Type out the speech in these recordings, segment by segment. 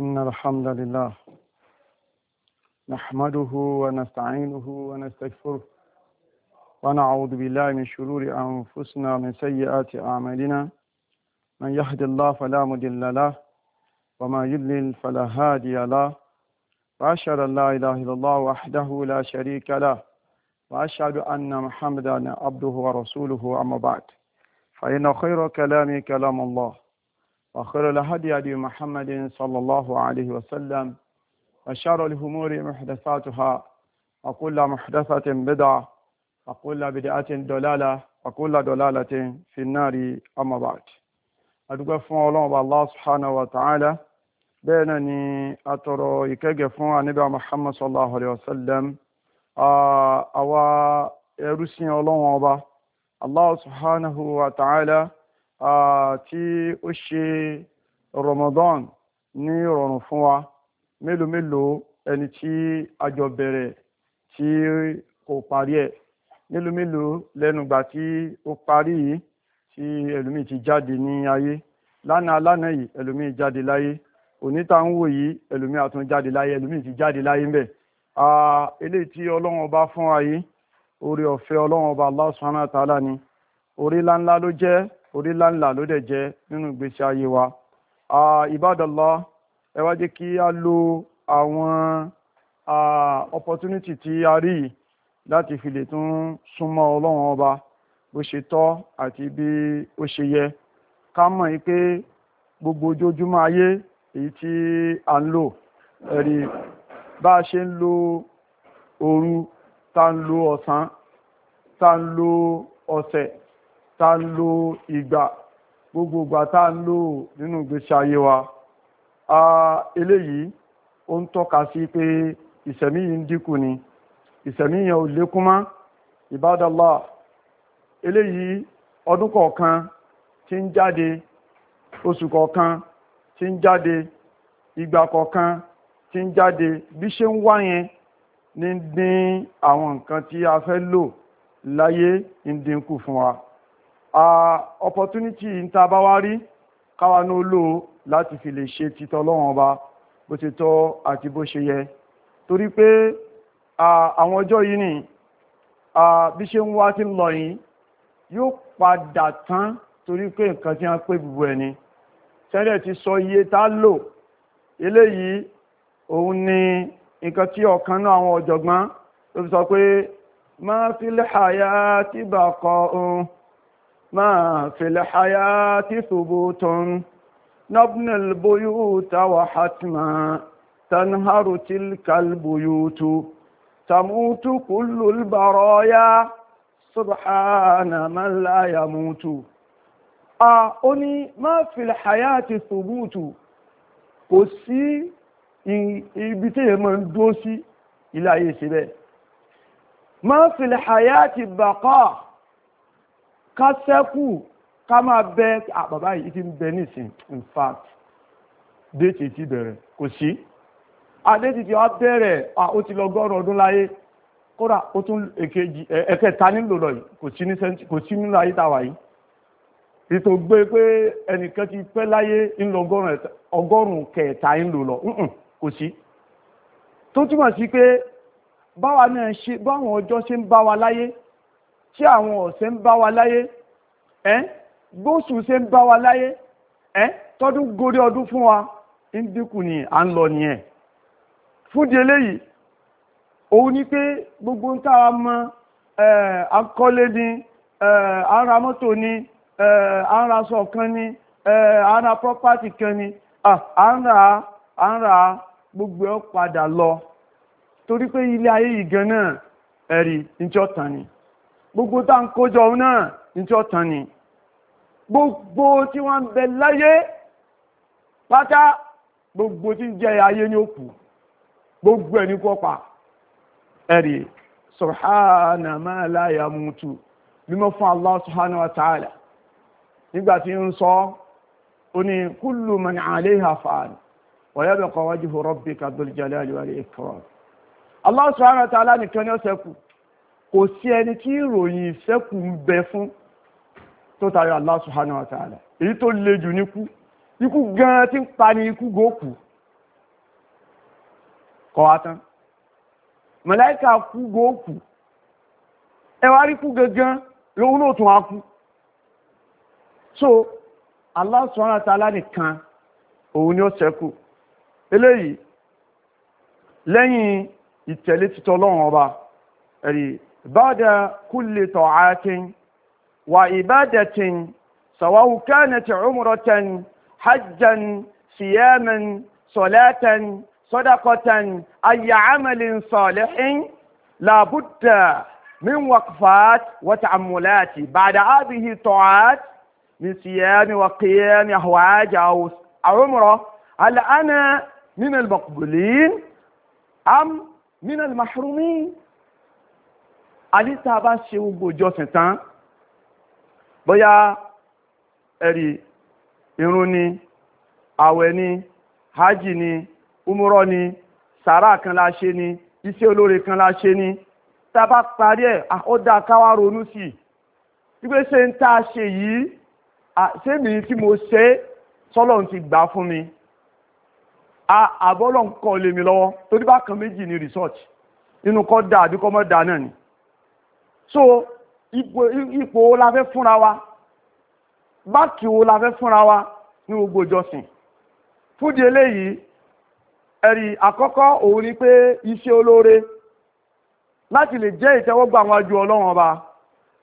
إن الحمد لله نحمده ونستعينه ونستغفره ونعوذ بالله من شرور أنفسنا من سيئات أعمالنا من يهد الله فلا مضل له وما يضلل فلا هادي له وأشهد أن لا إله إلا الله وحده لا شريك له وأشهد أن محمدا عبده ورسوله أما بعد فإن خير كلام كلام الله وخير الهدي هدي محمد صلى الله عليه وسلم وشر الأمور محدثاتها وكل محدثة بدعة وكل بدعة دلالة وكل دلالة في النار أما بعد adúgbò fún ọlọ́run bá allah subhanahu wa ta'ala bẹ́ẹ̀ náà ni a tọrọ ìkẹ́gẹ́ fún anábíà muhammad sallallahu alayhi wa sallam àwa ẹrú sí ọlọ́run ọba allah subhanahu wa ta'ala tí ó ṣe Ramadan ní ìrọ̀rùn fún wa mélòó mélòó ẹni tí a jọ bẹ̀rẹ̀ tí kò parí ẹ̀ mélòó mélòó lẹ́nu ìgbà tí ó parí yìí tí ẹlòmíì ti jáde ní ayé lánàá lánàá yìí ẹlòmíì jáde láyé òní tá ń wò yìí ẹlòmíì àtún jáde láyé ẹlòmíì ti jáde láyé ń eléyìí tí ọlọ́run ọba fún wa yìí oore ọ̀fẹ́ ọlọ́run ọba Allah subhanahu wa ni oore ńláńlá ló jẹ́ orí ńláńlá ló dẹ̀ jẹ́ nínú ìgbésí ayé wa ìbádọ́lá ẹ wá jẹ́ kí a lo àwọn opportunity tí a rí yìí láti fi lè tún súnmọ́ ọlọ́run ọba bó ṣe tọ́ àti bí ó ṣe yẹ ká mọ̀ yìí pé gbogbo ojoojúmọ́ ayé èyí tí a ń lò ẹ̀rí bá a ṣe ń lo òru tá ń lo ọ̀sán tá ń lo ọ̀sẹ̀ tá ń lo ìgbà gbogbo ìgbà tá ń lò nínú ìgbésí ayé wa eléyìí ó ń tọ́ka sí pé ìṣẹ̀mí yìí ń dínkù ni ìṣẹ̀mí yẹn ò lékún mọ́ ìbádọ́lá eléyìí ọdún kọ̀ọ̀kan tí ń jáde oṣù kọ̀ọ̀kan tí ń jáde ìgbà kọ̀ọ̀kan tí ń jáde bí ṣe ń wá yẹn ní dín àwọn nǹkan tí a fẹ́ lò láyé ń dínkù fún wa opportunity ń ta bá wá rí káwa ní olú láti fi lè ṣe títọ́ lọ́wọ́n ọba bó ti tọ́ àti bó ṣe yẹ torí pé àwọn ọjọ́ yìí ni bí ṣe ń wá tí ń lọ yìí yóò padà tán torí pé nǹkan tí wọ́n pè bùbù ẹ̀ ni sẹ́lẹ̀ ti sọ iye tá lò eléyìí òun ni nǹkan tí ọ̀kan náà àwọn ọ̀jọ̀gbọ́n ló fi sọ pé máa fi lẹ́hàyà tí bàkọ́ ohun ما في الحياة ثبوت نبني البيوت وحتما تنهر تلك البيوت تموت كل البرايا سبحان من لا يموت ó ní má fil hayati thubutu kò sí ibi tí èèmọ̀ ń dó sí ilé ayé ṣe bẹ́ẹ̀ má fil hayati baqa ká sẹ́kù ká máa bẹ ah, bàbá yìí ti ń bẹ nísìn in fact déètì ti bẹ̀rẹ̀ kò sí àdéètì ti wá bẹ̀rẹ̀ ó ti lọ gọ́rùn ọdún láyé kódà ó tún èkejì ẹ̀kẹta nílò lọ yìí kò sí ní sẹ́ńtì kò sí nínú ayé táwa yìí ètò gbé pé ẹnìkan ti pẹ́ láyé ńlọ ọgọ́rùn-ún kẹta ńlò lọ kò sí tó túmọ̀ sí pé báwa náà ṣe báwọn ọjọ́ ṣe ń bá wa láyé tí àwọn ọ̀sẹ̀ ń bá wa láyé ẹ́ gbóṣù ṣe ń bá wa láyé ẹ́ tọ́dún gorí ọdún fún wa ń dínkù ni à ń lọ nìyẹn fúdi eléyìí òun ni pé gbogbo ń tára mọ akọ́lé ni ara mọ́tò ni ara aṣọ kan ni ara property kan ni ara ara gbogbo ẹ̀ padà lọ torí pé ilé ayé yìí gan náà ẹ̀rí níjọ́ tán ni. gbogbo tá ń kójọ náà ní tí ó tán ni gbogbo tí wọ́n ń bẹ láyé pátá gbogbo tí ń jẹ ayé ní òkú gbogbo ẹni kọpa ẹ̀rí subhana ma la yamutu mímọ́ fún Allah subhanahu wa ta'ala nígbàtí ń sọ ó ní kullu man 'alayha fan wa yabqa wajhu rabbika dhul jalali wal ikram Allah nìkan ni ó ṣẹ́kù kò sí ẹni tí ìròyìn ìṣẹ́kù ń bẹ fún tó tayọ Allah subhanahu wa ta'ala èyí tó le jù ní kú ikú gan tí ń pa ní ikú gòkù kọ̀ wá tán màláíkà kú gòkù ẹwà rí kú gangan lóhun náà tún á kú so Allah subhanahu wa ta'ala nìkan òun ni ó ṣẹ́kù eléyìí lẹ́yìn ìtẹ̀lé títọ́ lọ́wọ́n ọba ẹ̀rí بعد كل طاعات وعبادة سواء كانت عمرة حجا صياما صلاة صدقة أي عمل صالح لا بد من وقفات وتأملات بعد هذه الطاعات من صيام وقيام أهواج أو عمرة هل أنا من المقبولين أم من المحرومين àdíta bá ṣe gbogbo ìjọsìn tán bóyá ẹ̀rì irun ni àwẹ̀ ni hajj ni umrọ ni sàárà kan la ṣe ni iṣẹ́ olóore kan la ṣe ni tá a bá parí ẹ̀ ó dáa káwá ronú sí i wípé ṣe ń tá a ṣe yìí ṣé mi tí mo ṣe sọ́lọ́run ti gbà fún mi àbọ́lọ̀ ń kọ́ lèmi lọ́wọ́ torí bá kan méjì ni resort nínú kọ́ dáa àbí kọ́ mọ́ dáa náà ni so ipò wo la fẹ́ fúnra wa báàkì wo la fẹ́ fúnra wa ní gbogbo ìjọsìn fúdi eléyìí ẹ̀rí àkọ́kọ́ òun ni pé iṣẹ́ olóore láti lè jẹ́ ìtẹ́wọ́gbà àwọn ajú ọlọ́run ọba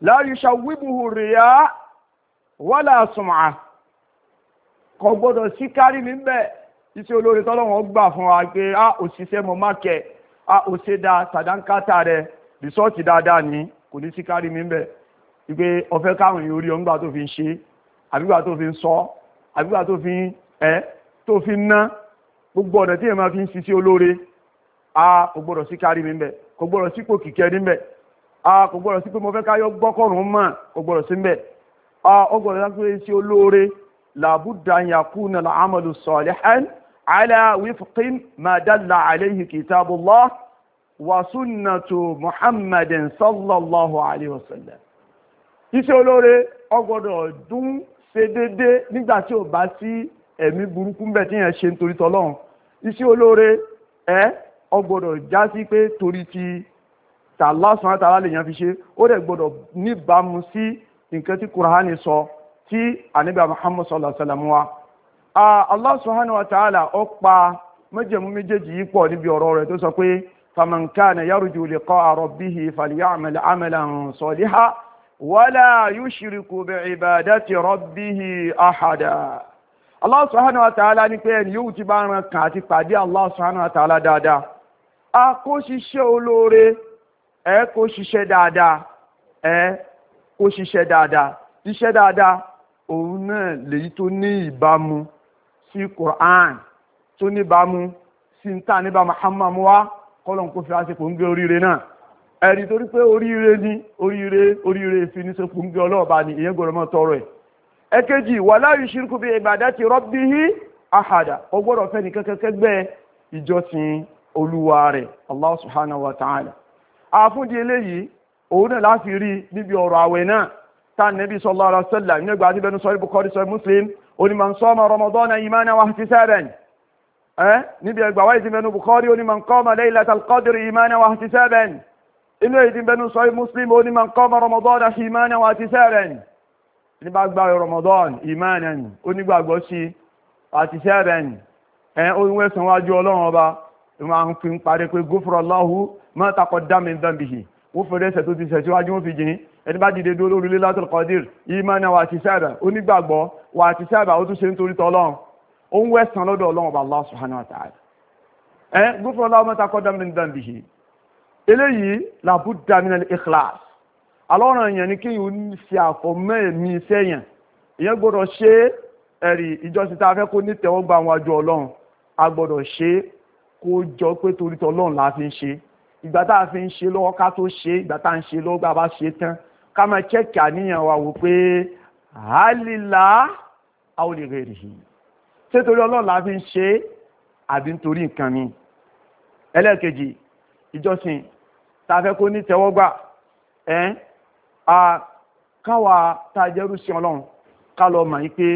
láàrin ṣàwíbùhù rèé wọ́lá àsùnmà kò gbọ́dọ̀ sí kárí mi iṣẹ́ olóore tọ́lọ́wọ́n gbà fún wa pé a ah, ò ṣiṣẹ́ mọ́ má kẹ́ a ah, ò ṣe da sàdánkátà rẹ̀ rìsọ́ọ̀tì dáadáa ni kò ní sí kárí mi bẹ́ẹ̀ wípé ọ̀fẹ́ káwọn èèyàn orí ọ̀ngbà tó fi ń ṣe àbígbà tó fi ń sọ àbígbà tó fi ń ẹ́ tó fi ń ná gbogbo ọ̀nà tí èèyàn máa fi ń ṣiṣẹ́ olóore a kò gbọ́dọ̀ sí kárí mi bẹ́ẹ̀ kò gbọ́dọ̀ sí pò kìkẹ́ ní bẹ́ẹ̀ a kò gbọ́dọ̀ sí pé mo fẹ́ káyọ́ gbọ́kọ̀rún mọ́ kò gbọ́dọ̀ sí bẹ́ẹ̀ a ó gbọ́dọ̀ sí pé ṣe olóore làbúdà yakuna al-amalu salihan ala wifqin ma dalla alayhi kitabullah sunnatu muhammadin sallallahu alayhi wa sallam iṣẹ́ olóore ọgbọ́dọ̀ dún ṣe déédé nígbà tí ò bá sí ẹ̀mí burúkú bẹ́ẹ̀ tí yẹn ṣe nítorí tọ́lọ́run iṣẹ́ olóore ẹ ọgbọ́dọ̀ já sí pé torí ti ta lásán àtàrà lèèyàn fi ṣe ó dẹ̀ gbọ́dọ̀ níbàámu sí nǹkan tí sọ tí sallallahu wa sallam wa ah, Allah subhanahu wa ta'ala ó pa májẹ̀mú méjèèjì yìí pọ̀ níbi ọ̀rọ̀ rẹ̀ tó sọ فمن كان يرجو لقاء ربه فليعمل عملا صالحا ولا يشرك بعبادة ربه أحدا Allah subhanahu wa ta'ala ní pé ẹni yóò ti bá ran kàn àti pàdé Allah subhanahu wa ta'ala dáadáa. A kó ṣiṣẹ́ olóore, ẹ kó ṣiṣẹ́ dáadáa, ẹ kó ṣiṣẹ́ dáadáa. Iṣẹ́ dáadáa òun náà lèyí tó ní ìbámu sí Qur'an tó níbàámu sí ń tà níbà Muhammad wa kọ́lọ̀n kó fi àṣepò ń gbé oríire náà ẹ̀rí torí pé oríire ní oríire oríire fi ní sopò ń gbé ọlọ́ọ̀bá ni ìyẹn gbọ́dọ̀ mọ́ tọrọ ẹ̀ ẹ̀kejì wala yushriku bi ibadati rabbihi ahada ó gbọ́dọ̀ fẹ́ ní kẹ́kẹ́kẹ́gbẹ́ ìjọsìn olúwa rẹ̀ Allah subhanahu wa ta'ala àfúndì eléyìí òun náà láti rí níbi ọ̀rọ̀ àwẹ̀ náà tá nẹ́bí sallallahu alaihi wasallam nígbà tí bẹnu sọ ibùkọ́rí sọ muslim onímọ̀ nsọ́mọ̀ Ramadan imana wa ihtisaban ẹ́ níbi ẹgbà wáyé ti mẹ́nu Bukhari ó ní man qama laylatal qadri imanan wa ihtisaban inú èyí ti mẹ́nu sọ Muslim ó ní man qama Ramadan imanan wa ihtisaban nígbà gba Ramadan imanan onígbàgbọ́ sí àti sẹ́rẹ̀n ẹ̀ ohun ẹ̀sán wájú ọlọ́run ọba ma ń fi ń parí pé gufra Allahu ma taqaddama min dhanbihi ó fẹ́rẹ́ ẹ̀ṣẹ̀ tó ó ń wẹ̀sán lọ́dọ̀ ọlọ́run ọba Allah subhanahu wa ta'ala ẹ gbọ́fọ́ ọlọ́run mẹ́ta kọ́ dámínà nígbà bìí eléyìí làbú dámínà ikhlas alọ́ràn yẹn ni kí yìí ń ṣe àfọ̀mọ́ ẹ̀mí iṣẹ́ yẹn ìyẹn gbọ́dọ̀ ṣe ẹ̀rí ìjọsìn tá a fẹ́ kó nítẹ̀wọ́gbà àwọn àjọ ọlọ́run a gbọ́dọ̀ ṣe kó jọ pé torí tọlọ́run la fi ń ṣe ìgbà tá a fi ń ṣe lọ́wọ́ ká tó ṣe ìgbà tá a ń ṣe lọ́wọ́ bá bá ṣe tán ká máa chẹ́kì àníyàn wa wò pé hálìlá àwọn olè rè rèé ṣé torí ọlọ́run la fi ń ṣe é àbí nítorí nǹkan mi ẹlẹ́ẹ̀kejì ìjọsìn tá a fẹ́ kó ní tẹ́wọ́gbà ẹ́ a káwa tá a jẹ́rú sí ọlọ́run ká lọ mọ̀ yí pé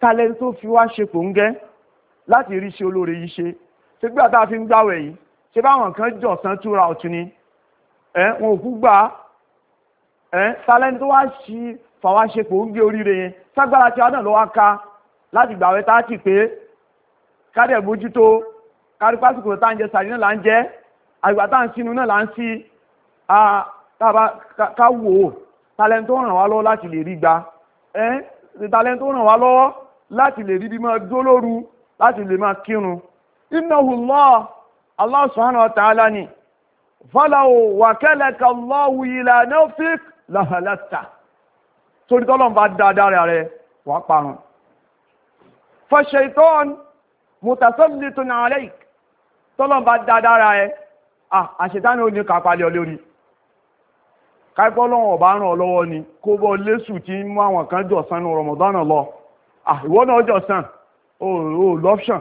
talẹ́ tó fi wá ṣe kòńgẹ́ láti rí ṣe olóore yìí ṣe ṣé gbà tá a fi ń gbàwẹ̀ yìí ṣé báwọn kan jọ̀sán túra ọ̀tún ni ẹ wọn ò kú gbà ẹ talẹ́ tó wá ṣe fàwa ṣe kò ń gbé oríire yẹn ságbára tí a náà ká láti gbàwé tá a ti pé kádẹ̀ bójútó kárí pásítọ̀ tá à ń jẹ sàrí náà là ń jẹ àgbà tá à ń sínú náà là ń sí ká wò ó talent tó ràn wá lọ́wọ́ láti lè rí gba talent tó ràn wá lọ́wọ́ láti lè rí bí máa dólóru láti lè máa kírun ni torí tọ́lọ́n bá dáadáa rẹ̀ rẹ̀ wà parun fọ́ṣẹ̀ ìtọ́n mùtàsọ́lì tó náà rẹ̀ tọ́lọ́n bá dáadáa rẹ̀ àṣetánì ò ní kápálẹ̀ olórí káìpọ́lọ́wọ̀n ọ̀bá ràn ọ́ lọ́wọ́ ni kó bọ́ lẹ́sù tí mú àwọn kan jọ̀sán ní Ramadan lọ ìwọ náà jọ̀sán ò lọ́pṣàn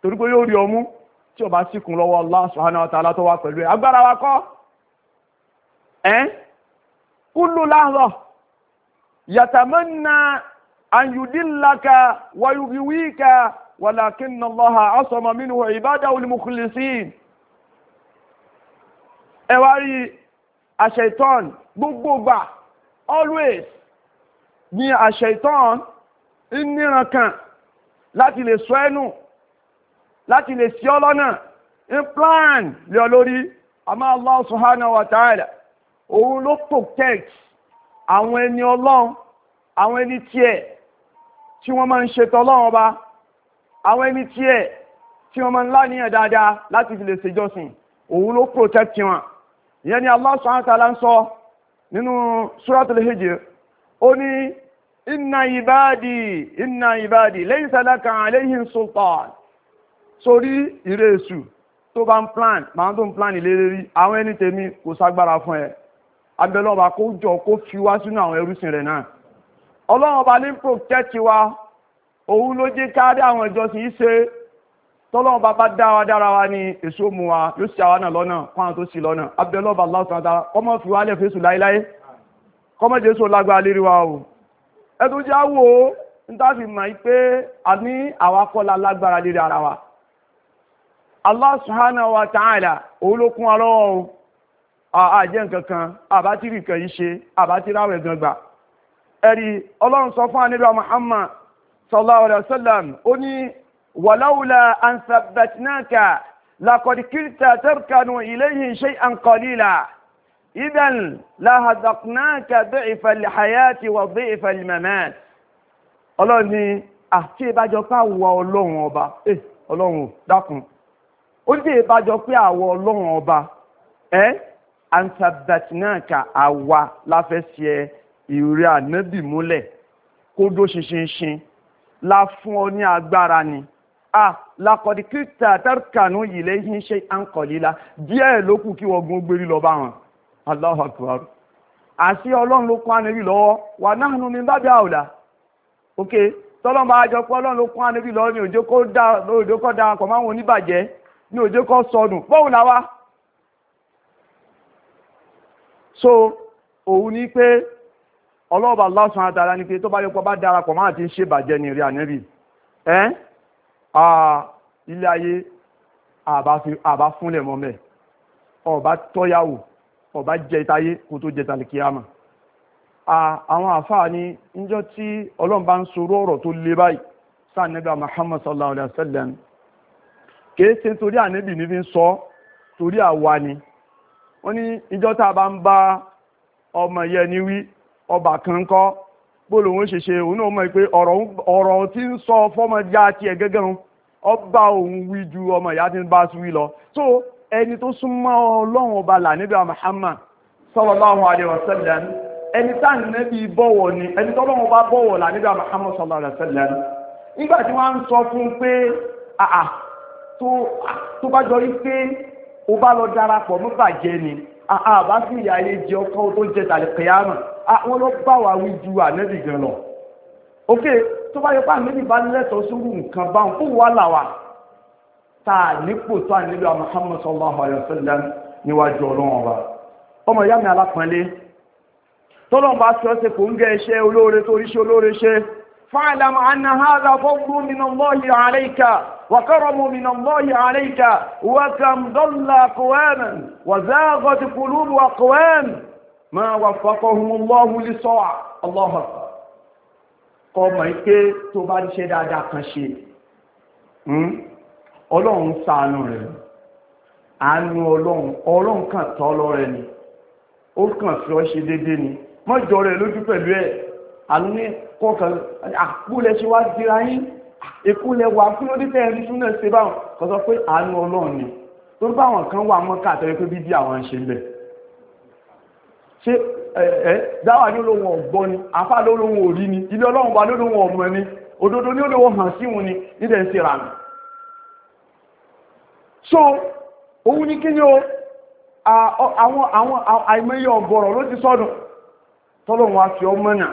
torí pé yóò rí ọmú tí ọba síkùn lọ́wọ́ Allah يتمنى أن يدلك wa ولكن الله عصم منه عباده المخلصين. almukhlisin ẹ wá rí àṣẹ̀tọ́n gbogbo gbà always ni àṣẹ̀tọ́n ń níran kan láti lè sọ ẹnu láti lè sí ọlọ́nà ń plan lé ọ lórí àmọ́ allah subhanahu wa òun ló protect àwọn ẹni ọlọ́run àwọn ẹni tiẹ̀ tí wọ́n máa ń ṣetọ́ ọlọ́run ọba àwọn ẹni tiẹ̀ tí wọ́n máa ń láníyàn dáadáa láti fi lè ṣèjọsìn òun ló protect wọn ìyẹn ni Allah subhanahu wa ta'ala ń sọ nínú suratul Hijr ó ní inna ibadi inna ibadi laysa laka alayhim sultan sórí ìrẹsù tó bá ń plan màá tó ń plan ìlérí àwọn ẹni tèmi kò ságbára fún ẹ abẹ́lọ́ba kó jọ kó fi wá sínú àwọn ẹrúsìn rẹ̀ náà ọba ní protect wa òun ló jẹ́ kárí àwọn ìjọsìn yìí ṣe ọba bá dá dára wa ní èso mu wa yóò ṣe àwa lọ́nà kó tó sì lọ́nà abẹ́lọ́ba Allah kọ́mọ́ fi wá kọ́mọ́ o ẹ tó ń tá fi mọ̀ pé a ní àwa kọ́lá lágbára àjẹ́ nǹkan kan àbátírì kan yìí ṣe àbátírì àwẹ̀ gan gbà ẹ̀rí ọlọ́run sọ fún anábíà Muhammad sallallahu alayhi wa sallam ó ní wàláwùlà ansabatnaka lakọ̀dìkìtà tẹ́rkanu ilayhim shay'an qalila idan lahazaknaka dhi'fa al-hayati wa dhi'fa al-mamat ọlọ́run ni àti ìbájọ pé àwọ̀ ọlọ́run ọba ẹ eh, ọlọ́run dákun ó ní ìbájọ pé àwọ̀ ọlọ́run ọba ẹ́ eh, antabatinaka àwa láfẹ́sẹ̀ ìrírí ànábì múlẹ̀ kó dó ṣinṣinṣin la fún ọ ní agbára ni a lakọ̀dìkítà tẹ́rkànú yìí lẹ́yìn ṣe àǹkọ̀líla díẹ̀ ló kù kí wọ́n gun gbérí lọ bá wọn Allahu Akbar àṣì ọlọ́run ló kún ànábì lọ́wọ́ wà náà nu mi bá bí àwòlà ok tọ́lọ́n bá jọ pé ọlọ́run ló kún ànábì lọ́wọ́ ní òjò kó dá ọkọ̀ máwọn oníbàjẹ́ ní òjò kó sọnù bọ́ọ̀lù làwa so òun ní pé ọlọ́ọ̀bà lásán àtàrà ni pé tó bá yẹ kó bá máa ti ń ní ẹ́ ilé ayé àbá fúnlẹ̀ ọba tọ́yàwó ọba jẹ ìtayé kó tó jẹ awọn àwọn àfáà ni níjọ́ tí ọlọ́run bá ń sọ̀rọ̀ ọ̀rọ̀ tó le báyìí sáà nẹ́bí Muhammad sọ torí àwa wọ́n ní ìjọ tá a bá ń bá ọmọ yẹn ni wí ọba kan kọ́ bóòlù òun ṣe ṣe òun náà mọ̀ pé ọ̀rọ̀ tí ń sọ fọ́mọ ìyá tiẹ̀ gẹ́gẹ́ ọba òun wí ju ọmọ ìyá tí ń bá sùn wí lọ so ẹni tó súnmọ́ ọlọ́run ọba là níbi Muhammad sallallahu alaihi ẹni tá à bọ̀wọ̀ ni ẹni tó ọlọ́run ọba bọ̀wọ̀ là níbi Muhammad sallallahu nígbà tí wọ́n á ń sọ fún pé tó bá jọ rí o bá lọ darapọ̀ mú bàjẹ́ ni àbá sì yà ayé jẹ ọkọ tó jẹ tàlẹ̀ kẹyàmà àwọn ló bá wà wí ju ànẹ́bì gan lọ. ok tó bá yẹ pé ànẹ́bì bá lẹ́tọ̀ọ́ sórí nǹkan báwọn fún wa là wà tá a nípò tó ànílò Muhammad sallallahu alayhi wa sallam níwájú ọlọ́run ọba ọmọ ìyá mi alápọ̀nlé tọ́lọ́mù bá sọ ọ́ ṣe kò ń gẹ iṣẹ́ olóore tó ríṣẹ́ olóore ṣe فاعلم أن هذا فضل من الله عليك وكرم من الله عليك وكم ضل أقواما وزاغت قلوب أقوام ما وفقهم الله للصاع الله أكبر kọmọ ike tó bá ń ṣe dáadáa kan ṣe ọlọ́run ṣàánú rẹ̀ àánú ọlọ́run ọlọ́run kàn tọ́ lọ́rẹ̀ ni ó kàn fi ọ́ ṣe déédéé ni mọ́jọ rẹ̀ lójú pẹ̀lú ẹ̀ àlúní kọkàn àpúlẹ̀ ah, ṣe wá síra yín ìkúlẹ̀ wà fún lórí tẹ́ẹ̀rí tún náà ṣe báwọn kan sọ pé àánú ọlọ́run ni tó bá àwọn kan wà mọ́ káàtẹ́rẹ́ pé bíbí àwọn ṣe ń bẹ̀ ṣe ẹ̀ dáwà ní olóhun ọ̀gbọ́ ni afá lólóhun òrí ni ilé ọlọ́run wà lólóhun ọ̀mọ̀ ni òdodo ní olówó hàn sí wọn ni nílẹ̀ ń ṣe rà nù so òun ni kí o àwọn àìmọye ọ̀gọ̀rọ̀ ló ti sọ́dún tọ́lọ́run wa fi ọmọ náà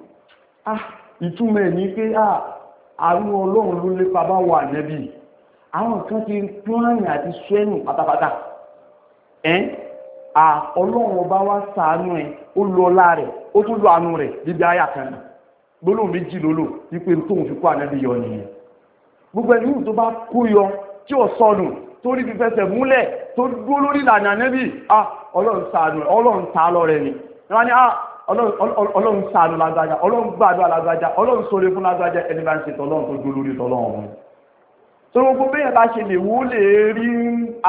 Ah, ìtumọ̀ ní pé ah, àrùn ọlọ́run ló lépa bá wà nẹ́bí àwọn kan ti pílánì àti sẹ́nù pátápátá ẹ́ à ọlọ́run ọba wá sàánú ẹ̀ ó lo ọlá rẹ̀ ó tún lo àánú rẹ̀ bíbí àyà kan gbólóhùn méjì lólò wípé tóun fi kó ànẹ́bí yọ nìyẹn gbogbo ẹni tó bá kó yọ tí ò sọnù torí fi fẹsẹ̀ múlẹ̀ tó dúró lórí ìlànà ànẹ́bí ah, ọlọ́run sàánú ọlọ́run sàálọ́ rẹ̀ ni wọ́n á ní ọlọ́run ṣàánú lágbájá ọlọ́run gbàdúrà lágbájá ọlọ́run sóre fún lágbájá ẹni bá ń ṣe tọ́lọ́run tó dúró lórí tọ́lọ́run wọn. tó gbogbo bẹ́ẹ̀ bá ṣe lè wó lè rí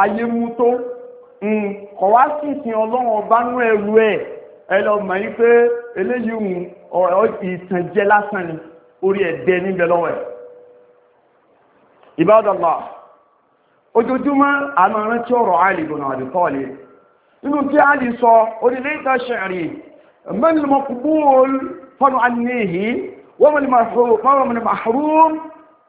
ayé mú tó hmm, kọ̀ wá sí ìsìn ọlọ́run ọba nú ẹrú ẹ̀ ẹ lọ mọ̀ yín pé eléyìí ìtànjẹ lásán ni orí ẹ̀dẹ níbẹ̀ lọ́wọ́ ẹ̀. ìbádọ́lá ojoojúmọ́ àmọ́ rántí ọ̀rọ̀ àìlè gbọ̀nà àdìkọ́ọ̀lẹ̀ nínú tí a lè sọ orílẹ̀-èdè ṣẹ̀rìn من المقبول فنعنيه ومن المحروم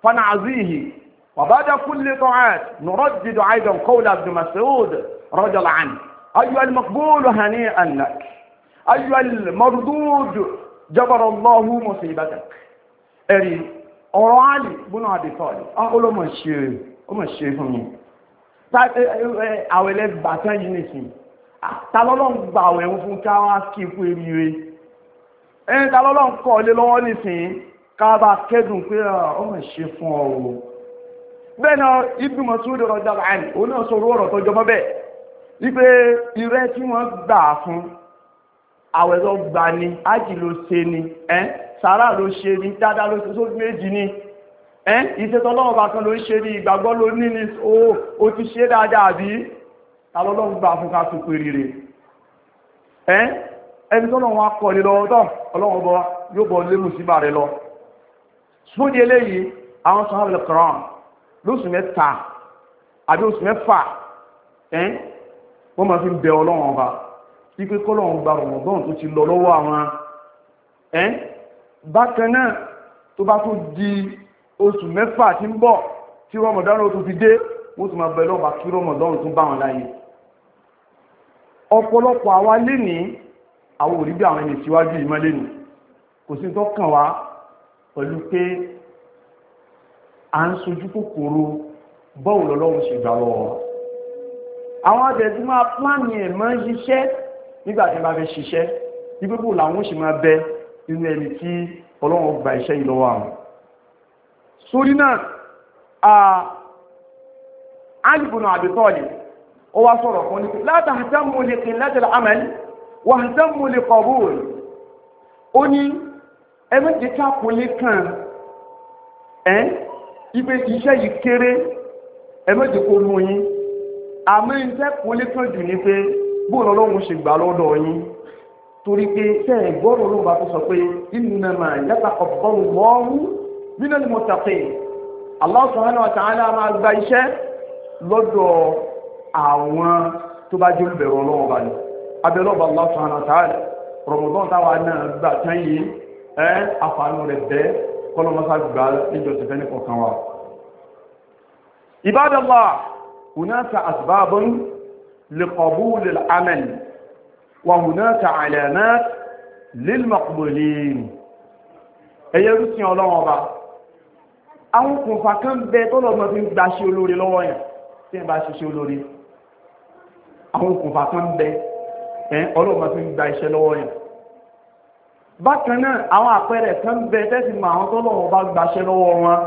فنعزيه وبعد كل طاعات نردد أيضا قول ابن مسعود رضي الله عنه أيها المقبول هنيئا لك أيها المردود جبر الله مصيبتك ẹ̀rí ọ̀rọ̀ alì búnú àbìtọ́lì ọlọ́mọ̀ ṣe fún mi àwẹ̀lẹ́ bàtán yìí nìsìn talọ́lọ́n gba àwẹ̀ ń fún káwá kí ikú eré ẹni talọ́lọ́n kọ́ ilé lọ́wọ́ nísìnyí káàbà kẹ́dùn pé ọmọ ìṣe fún ọ o bẹ́ẹ̀ náà ìgbìmọ̀ tó lè rọjá láàrín òun náà sọ ọ̀rọ̀ tó jọmọ́ bẹ́ẹ̀ wípé irẹ́ tí wọ́n gbà fún àwẹ̀ lọ gbà ni ájì ló ni ẹ́ sàárà ló ṣe ni dáadáa ló ṣe sóbi ni ẹ́ ìṣètọ́lọ́wọ́ bá kan ló ṣe ni ìgbàgbọ́ ló ní ni ó ti ṣe dáadáa alọ́lọ́run gbà fún ká tó pé rire ẹ́ ẹni tó lọ́wọ́ akọ̀ ní lọ́wọ́ tọ́ ọlọ́wọ́ bọ́ yóò bọ́ lé mùsíbà rẹ lọ sóde eléyìí àwọn sọ hàbẹ̀lẹ̀ kọ̀rán lóṣù mẹ́ta àbí oṣù mẹ́fà ẹ́ wọ́n ti lọ lọ́wọ́ àwọn ẹ́ bákan náà bá tó di oṣù mẹ́fà tí ń bọ̀ tí rọmọdánù tó fi dé wọ́n tún máa bẹ lọ́ba kí rọmọdánù tún bá wọn láyé ọ̀pọ̀lọpọ̀ àwa lénìí àwọn òrìbí àwọn ẹni síwájú ìmọ́ lénìí kò sí tó kàn wá pẹ̀lú pé a ń sojú kòkòrò bọ́ọ̀lù ọlọ́run ṣe gbà lọ́wọ́ àwọn àjẹ̀dí máa pláàni ẹ̀ máa ń ṣiṣẹ́ nígbà tí máa fẹ́ ṣiṣẹ́ ní alìbùnà àbítọ́ọ̀lì ó wá sọ̀rọ̀ fún ní látàtàmù lè kí látàlá àmàlì wà tàmù lè kọ̀bùn ó ní ẹmẹ́jẹ káàkù lè kàn ẹ́ ibi iṣẹ́ yìí kéré ẹmẹ́jẹ kó mú yín àmì iṣẹ́ kó lè kàn jù ní pé bóòrò lóhun ṣe gbà lọ́dọ̀ yín torí pé tẹ́ ẹ̀ gbọ́rọ̀ bá tó sọ pé innama yataqabbalu Allahu minal muttaqin Allah subhanahu wa ta'ala máa àwọn tó bá jẹ́ olùbẹ̀rù ọlọ́wọ́ bá ní abẹ́lọ́bà Allah subhanahu wa ta'ala Ramadan táwa náà gbà tán yìí ẹ́ àfààní rẹ̀ bẹ́ kọ́lọ́mọ́sá gbà níjọsìn fẹ́ nípa kan wa Ibadallah hunaka asbabun liqabul al-amal wa hunaka alamat lilmaqbulin àwọn kùnfà kan bẹ tọ́lọ́mọ́ fi ń gbaṣẹ́ olóore lọ́wọ́ yẹn tí ń bá ṣiṣẹ́ àwọn okùnfà kan bẹ ọlọ́mọ tó ń gba iṣẹ́ lọ́wọ́ yẹn bákan náà àwọn àpẹẹrẹ kan bẹ tẹ́sí ma àwọn tọ́lọ́wọ́ bá gbaṣẹ́ lọ́wọ́ wọn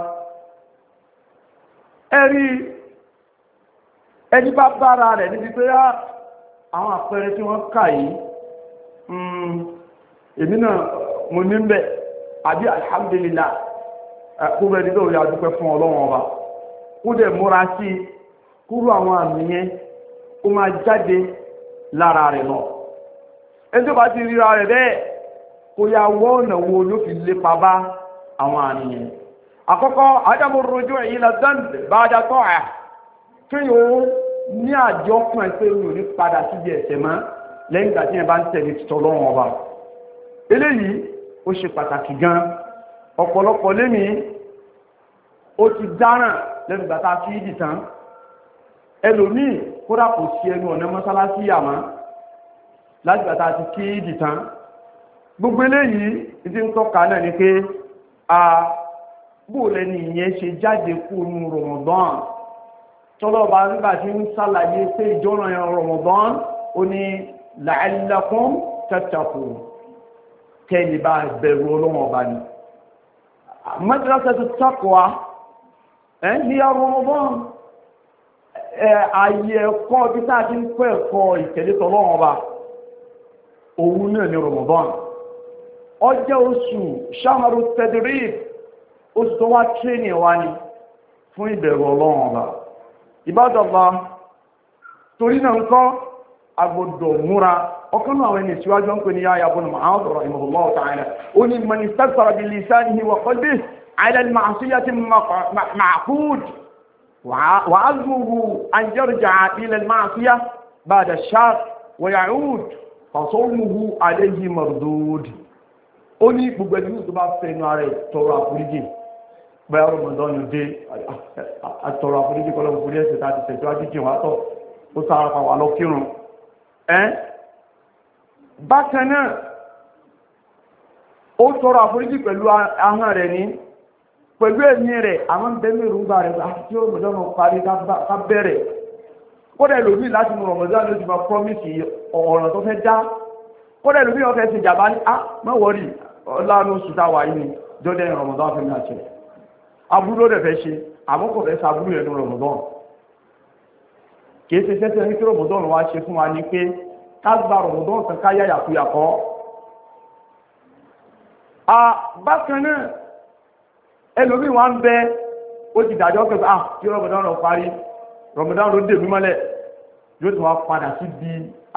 ẹ̀rí ẹni bá bára rẹ̀ níbi pé ah, àwọn àpẹẹrẹ tí wọ́n kà yìí hmm, èmi náà mo ní bẹ̀ àbí kó bẹ́ẹ̀ nígbà òyà dúpẹ́ fún ọlọ́wọ́n ọba kó dẹ̀ kó máa jáde lára rẹ̀ lọ ẹni tó bá ti ríra rẹ̀ bẹ́ẹ̀ kó yá wọ́ ọ̀nà wo ló fi lépa bá àwọn àníyàn àkọ́kọ́ ádámù rojú ẹ̀yìn lọ́dán bá dá tọ́ ẹ̀ kí yóò ní àjọ fún ẹ pé yóò ní padà síbi ẹ̀ṣẹ̀ mọ́ lẹ́yìn ìgbà tí ẹ bá ń tẹ̀lé títọ́ lọ́wọ́ ọba eléyìí ó ṣe pàtàkì gan ọ̀pọ̀lọpọ̀ lẹ́mi ó ti dáràn lẹ́nu ìgbà tá a fi ìdì tán ẹlòmíì kódà kò sí ẹnu ọ̀nà mọ́sálásí àmá láti bàtà ti kí ìdì tán gbogbo eléyìí ti ń tọ́ka náà ni pé a bóòlẹ̀ ni ìyẹn ṣe jáde kúrú rọ̀mọ̀dán tọ́lọ́ba nígbà tí ń sàlàyé pé ìjọ́ràn yẹn rọ̀mọ̀dán ó ní la'allakum tattaqun kẹ́lì bá bẹ̀rù ọlọ́mọba ni madrasatu taqwa ẹ̀ ní ààyè ẹ̀kọ́ bí sáà ti ń kọ́ ẹ̀kọ́ ìtẹ̀lé tọ́lọ́run ọba òun náà ni Ramadan ọjọ́ oṣù ṣáàmàrù tẹ̀dìrìb oṣù tó wá tírénì wá ní fún ìbẹ̀rù ọlọ́run ọba ìbádọ́gba torí náà ń kọ́ agbọ́dọ̀ múra ọkàn àwọn ẹni síwájú ń pè ní yáya bọ́nà máa ń sọ̀rọ̀ ìmọ̀lọ́wọ́ tààrà ó ní mọ̀nìsítàkì sọ̀rọ̀ bí lè sáà ní ìwà kọ́dé àìlẹ́ni màá ti máa وعزمه أن يرجع إلى المعصية بعد الشهر ويعود فصومه عليه مردود ó ní gbogbo ẹni tó bá fẹnu ara ẹ̀ tọrọ àforíjì bẹ́ẹ̀ rọmọdán yóò dé àtọrọ àforíjì kọlọ́mù fúrí ẹ̀sẹ̀ tá a ti tẹ̀síwá jíjìn wá tọ̀ ó sára pa wà lọ kírun ẹ́ bákan náà ó tọrọ àforíjì pẹ̀lú ahọ́n rẹ̀ ní pẹ̀lú ẹ̀mí rẹ̀ àwọn bẹ́mí rúgbà rẹ̀ àti ọmọdọ́mọ parí ká bẹ̀rẹ̀ kódẹ̀ lómi láti mú Ramadan ló ti máa promise ọ̀rọ̀ tó fẹ́ dá kódẹ̀ lómi ọ̀fẹ́ ti jàbá ní ah, á mọ́wọ́rì ọlánú sùtá wà yìí ni jọ́dẹ̀ Ramadan fẹ́ máa ṣe aburú ló dẹ̀ fẹ́ ṣe àmọ́ kò fẹ́ saburú yẹn ní Ramadan kìí ṣe sẹ́sẹ́ ní kí Ramadan wá ṣe fún wa ni pé ká gba Ramadan kan ká yáyà kuyà kọ́ bákan náà ẹlòmíì wọn bẹ ó ti dàjọ́ pé ah tí rọmọdán lọ parí rọmọdán ló dé mi mọ́lẹ̀ yóò tún wá padà síbi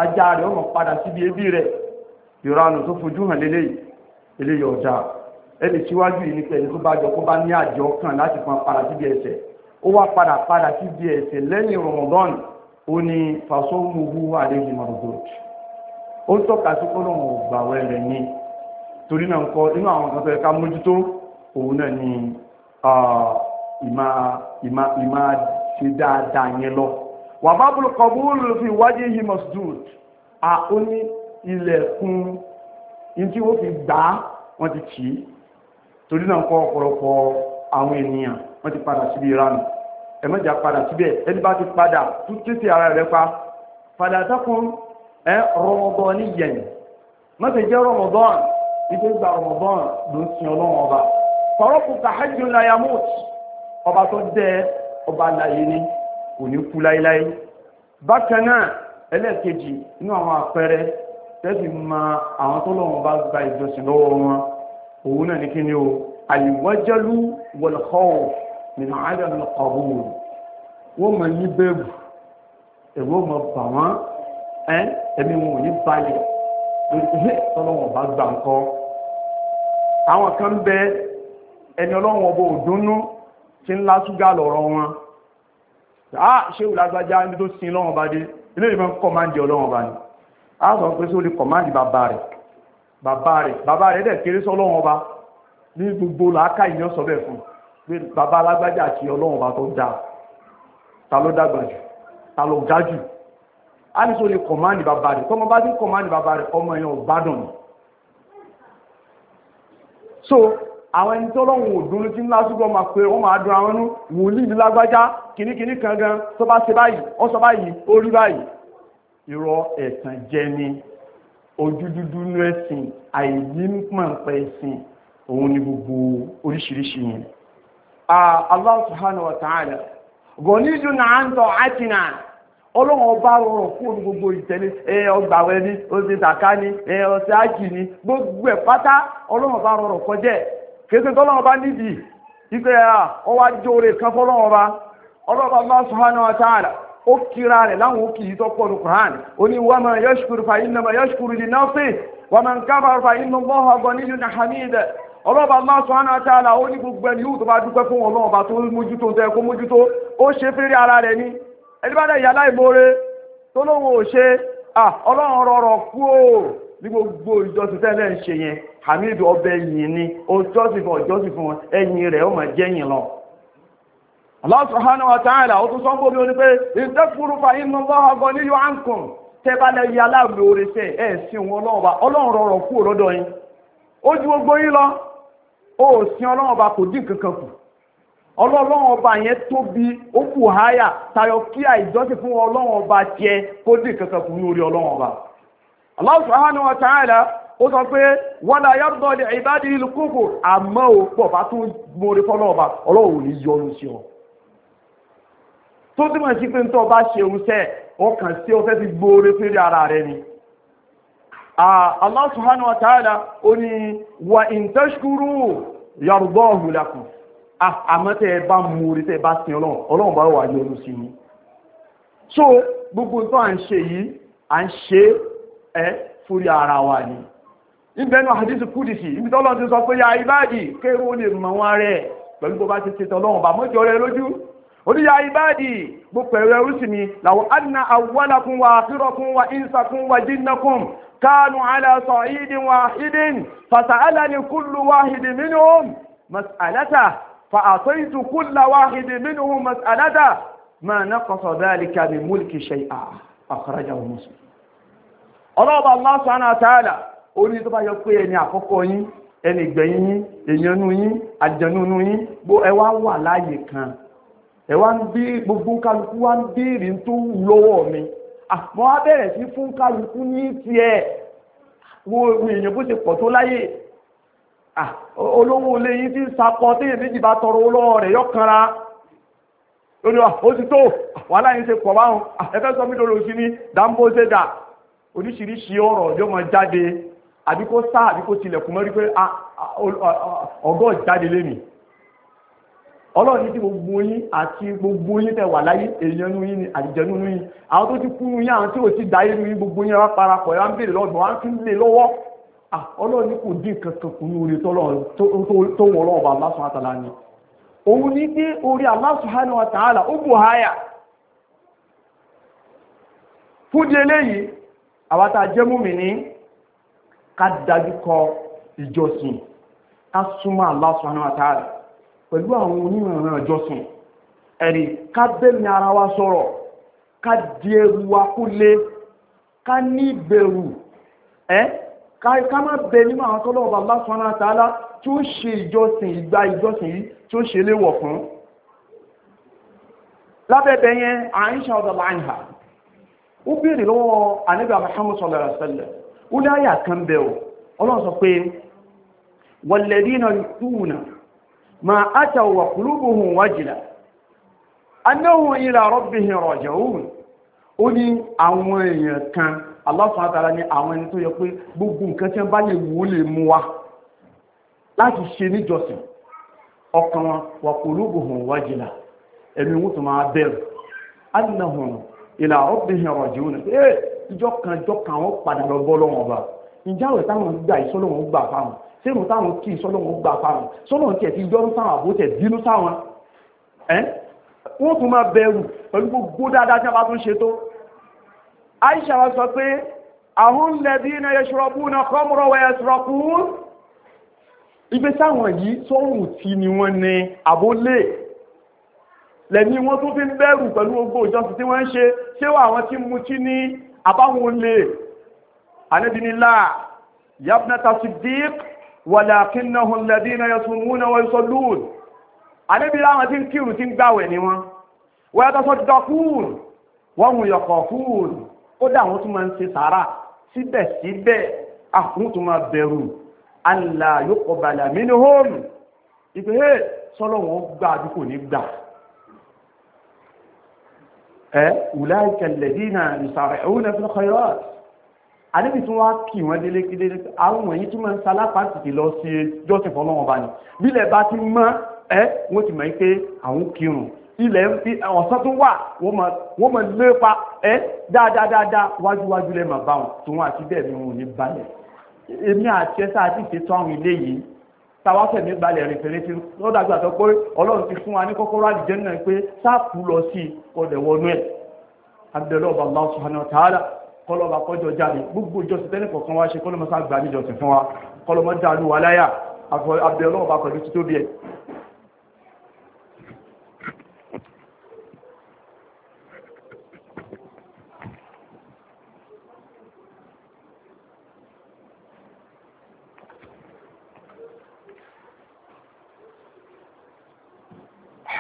ajá rẹ̀ ó mọ̀ padà síbi ẹbí rẹ̀ ìranù tó fojú hàn lélẹ́yìí eléyìí ọ̀dà ẹni síwájú yìí ní pẹ̀lú tó bá jọ kó bá ní àjọ kan láti fún síbi ẹsẹ̀ ó wá padà padà síbi ẹsẹ̀ lẹ́yìn rọmọdán ó ní àdéhùn mọ̀rọ̀dọ̀ ó ni torí náà ń inú àwọn kan òun náà ni ìmá ṣe dáadáa yẹn lọ wà bá bùrù kọ̀bùrù fi wájú yìí masjid à ó ní ilẹ̀kùn tí ó fi gbà wọ́n ti kì í torí náà kọ́ ọ̀pọ̀lọpọ̀ àwọn ènìyàn wọ́n ti padà síbi ìranù ẹ̀mọ́jà padà síbẹ̀ ẹni bá ti padà tó tètè ara rẹ̀ pa padà sákun ẹ rọmọdọ́ ní yẹn mọ́tẹ̀ jẹ́ rọmọdọ́n ìgbégbà rọmọdọ́n ló ń sin ọlọ́run ọba fọ̀rọ̀kù kàhájú layamut ọba tó dẹ ọba láyé ní kò ní kú láíláí bákan náà ẹlẹ́ẹ̀kejì inú àwọn àpẹẹrẹ tẹ́sí ma àwọn tó lọ́wọ́ bá gba ìjọsìn lọ́wọ́ wọn òun náà ní kí ni o àlìwájálú wọlọ́kọ́ọ̀ nínú àádọ́nù ọ̀hún wọ́n máa ní bẹ́ẹ̀bù ẹ̀rọ ọmọ bà wọ́n ẹ̀mí wọn ò ní balẹ̀ tọ́lọ́wọ́ bá gbà ńkọ́ àwọn kan bẹ́ẹ̀ ẹni ọlọ́run ọbọ̀ òdúnnú tí ń lásúgá lọ̀rọ̀ wọn àà ah, ṣe ìlàgbàjá ní tó sin lọ́wọ́n bá dé ilé ìmọ̀ kọmáǹdì ọlọ́wọ́n bá ní a sọ pé sí ó lè kọmáǹdì bàbá rẹ̀ bàbá rẹ̀ bàbá rẹ̀ dẹ̀ kéré sọ lọ́wọ́n bá ní gbogbo làákà ìyàn sọ bẹ́ẹ̀ fún pé bàbá alágbájá àti ọlọ́wọ́n bá tó dá ta ló dàgbà jù ta ló ga jù a ní sọ lè kọmáǹdì bàbá rẹ̀ tọmọ bá dé kọmáǹdì bàbá rẹ̀ ọmọ yẹn ò gbádùn so àwọn ẹni tó lọ́wọ́ òdúnú tí lásìkò máa pé wọ́n máa dùn àwọn ẹnu wòlíì ní lágbájá kìnnìkìnnì kan gan tó bá ṣe báyìí ó sọ báyìí ó rí báyìí ẹ̀sàn jẹ ni ojú dúdú nú ẹ̀sìn àìní pọ̀npẹ̀ ẹ̀sìn ni gbogbo oríṣiríṣi yẹn. Allah subhanahu wa ta'ala gọ̀nídùn náà ń tọ́ àtìnà ọlọ́wọ́n rọrùn fún gbogbo ẹ ẹ àjì ni kéṣe tọ́lọ́wọ́ bá níbi ìpẹ́ ọ wá jóore kan fọ́lọ́wọ́ bá ọlọ́ba bá subhanahu wa ta'ala ó kíra rẹ̀ láwọn òkè yìí tọ́pọ̀ ní Qur'an ó ní wa man yashkuru fa innama yashkuru li nafsihi wa man kafara fa inna Allaha ghaniyyun hamid ọlọ́ba Allah subhanahu wa ta'ala ó ní gbogbo ẹni yóò tó bá dúpẹ́ fún ọlọ́ọ̀bá tó mójútó tó ẹkọ́ mójútó ó ṣe fẹ́rẹ́ ara rẹ̀ ni ẹni bá dẹ̀ ìyá láìmoore tó lóun ò ṣe ọlọ́run rọrọ̀ kú o ní gbogbo ìjọsìn tẹ́lẹ̀ ń ṣe yẹn Hamidu ọbẹ̀ yìí ni ọjọ́sìn fún ọjọ́sìn fún ẹ̀yìn rẹ̀ ó máa jẹ́yìn lọ. Allah subhanahu wa ta'ala ó tún sọ́ńgbó mi ó ní pé ìtẹ́kùrú fa inna Allaha ghaniyyun 'ankum tẹ́bálẹ̀ yà láàrin orí sẹ́ ẹ̀ sí wọn ọlọ́ọ̀bá ọlọ́run rọrọ̀ kú lọ́dọ̀ yín ó ju gbogbo yín lọ ó sin ọlọ́ọ̀bá kò dín kankan kù ọlọ́run ọba yẹn tóbi ó kù háyà tayọ kí àìjọ́sìn fún ọlọ́run ọba tiẹ̀ kó dín kankan kù ní orí ọlọ́run ọba. Allah subhanahu wa ta'ala ó sọ pé wala yarda li ibadihi al-kufr àmọ́ ò pọ̀ bá tún mórí fọ́nà ọba ọlọ́run ò ní yọnu sí ọ tó túmọ̀ sí pé nítorí ọba ṣeun sẹ́ ọkàn sí ọ fẹ́ fi gbóore fẹ́rẹ́ ara rẹ ni Allah subhanahu wa ta'ala ó ní wa in tashkuru yardahu wà ẹ́ fúrí ara wa ni ìbẹ̀nu àdísù kúdìsì ibi tọ́lọ́ ti sọ pé ya ìbáàdì kéèrò ó lè mọ̀ wọn rẹ̀ pẹ̀lú bó bá ti ṣe tọ́lọ́run bá mọ́jọ rẹ lójú oníyà ìbáàdì gbogbo ẹ̀rọ ẹrú sì ni làwọn anna awwalakum wa akhirakum wa insakum wa jinnakum kanu ala sa'idin wahidin fasa'alani kullu wahidin minhum mas'alata fa'ataytu kulla wahidin minhum mas'alata ma naqasa dhalika min mulki shay'a akhrajahu muslim ọlọ́ọ̀bà Allah subhanahu wa ta'ala ó ní tó bá yọ pé ẹni àkọ́kọ́ yín ẹni ìgbẹ̀yìn yín èèyàn nú yín àjẹnú nú yín bó ẹ wá wà láàyè kan ẹ wá ń bí gbogbo kálukú wá ń béèrè tó wù lọ́wọ́ mi àmọ́ á bẹ̀rẹ̀ sí fún kálukú ní tiẹ̀ wo èèyàn bó ṣe pọ̀ tó láyè olówó olè yín ti ń sapọ téèyàn méjì bá tọrọ olówó rẹ̀ yọkanra lórí wa ó ti tó wàhálà yín ṣe pọ̀ báwọn ẹ̀fẹ́ sọ mí lórí òsì ní dáńbó ṣe dà oríṣiríṣi ọ̀rọ̀ yóò máa jáde àbí kó sá àbí kó tilẹ̀kùn mọ́rí pé ah, ah, ah, ọgọ́ jáde lémi ọlọ́run ní tí gbogbo yín àti gbogbo yín tẹ wà láyé èèyàn nínú ni àjẹjẹnú nínú yín àwọn tó ti kú nínú yín àwọn tí ò ti dáyé nínú yín gbogbo yín wá parapọ̀ ẹ̀ wá ń bèrè lọ́gbọ̀n wá ń fi lè lọ́wọ́ ọlọ́run ní kò dín kankan kù ní orí tó wọ́n lọ́wọ́ bá Allah subhanahu wa ta'ala ni òun ní pé orí Allah subhanahu wa ó bù háyà fúdi eléyìí àwa tá a jẹ́ mùmínì ká dájú kọ ìjọsìn ká súnmọ́ Allah subhanahu wa ta'ala pẹ̀lú àwọn onírànràn ìjọsìn ẹ̀rí ká bẹ́mi ara wa sọ̀rọ̀ ká di ẹrù wa kó lé ká ní ìbẹ̀rù ẹ́ ká má bẹ nínú àwọn tọ́lọ̀ ọba Allah subhanahu wa ta'ala tí ó ṣe ìjọsìn ìgbà ìjọsìn yìí tí ó ṣe léwọ̀ fún lábẹ́bẹ̀ yẹn Aisha radhiyallahu anha ó béèrè lọ́wọ́ ànábì Muhammad sallallahu alaihi wasallam ó láyà kan bẹ̀ ọ́ ọlọ́run sọ pé walladhina yu'tuna ma ataw wa qulubuhum wajila annahum ila rabbihim raji'un ó ní àwọn èèyàn kan Allah subhanahu wa ta'ala ẹni tó yẹ pé gbogbo nǹkan tí wọ́n bá lè wò lè mú wa láti ṣe níjọsìn ọkàn wọn wa qulubuhum wajila ẹ̀mí wọn tó máa bẹ̀rù ìlà ọ̀bìnrin ọ̀rọ̀ jù ní pé ìjọ kan ìjọ kan àwọn padà lọ bọ́ lọ́wọ́ ọba ìjáwé táwọn gbà ìsọ́lọ́wọ́ gbà fáwọn sẹ́nu táwọn kí ìsọ́lọ́wọ́ gbà fáwọn sọ́nà tiẹ̀ ti yọ́nú sáwọn àbótẹ̀ bínú sáwọn ẹ́ wọ́n tún máa bẹ̀rù pẹ̀lú gbogbo dáadáa tí a bá tún ṣe tó Aisha wa sọ pé àwọn lẹ́bí iná yẹ ṣọ́rọ̀bù náà kọ́mùrọ̀ wẹ̀ ṣọ́rọ̀kú ibi táwọn yìí sọ́rùn tí ni wọ́n ní àbólé lẹ́ni wọ́n tún fi ń bẹ̀rù pẹ̀lú gbogbo ìjọsìn tí wọ́n ń ṣe ṣé wà àwọn tí mutí ní àbáwọn olè anábìnilá yabnata siddiq wàlàkínnahu alladhina yasumuna wa yusallun anábìnilá àwọn tí ń kírun tí ń gbàwẹ̀ ni wọ́n wọ́n yàtọ̀ sọ́dọ̀kùn wọ́n mú yọkọ̀ fún kódà wọ́n tún máa ń ṣe sàárà síbẹ̀síbẹ̀ àkún tún máa bẹ̀rù Allah yuqbala minhum ìpè sọ́lọ́wọ́n gbà àdúgbò ní gbà أولئك الذين يسارعون في الخيرات àdébì tí wọ́n kì wọ́n délé kí délé àwọn wọ̀nyí tí wọ́n ń salápá ti ti lọ sí jọ́sìn fọ́lọ́wọ́n bá ní bílẹ̀ bá ti mọ́ ẹ́ wọ́n ti mọ̀ pé àwọn kírun ilẹ̀ ọ̀sán tó wà wọ́n mọ̀ lépa ẹ́ dáadáa wájúwájú lẹ́mọ̀ bá wọn tí wọ́n àti bẹ́ẹ̀ ni wọn ò ní balẹ̀ èmi àti ẹ̀sà àti ìṣètò àwọn ilé yìí tàwa fẹ̀mí balẹ̀ rìnfẹ̀rẹ̀fẹ̀ lọ́dà gbà tó pé ọlọ́run ti fún wa ní kọ́kọ́rọ́ àlìjẹ́nà pé sáàkù lọ sí ọdẹ̀ wọnú ẹ̀ abdulọba allah subhanahu wa ta'ala kọlọba kọjọ jáde gbogbo ìjọsìn tẹ́lẹ̀ kọ̀ọ̀kan wá ṣe kọlọmọ sáà gbà níjọsìn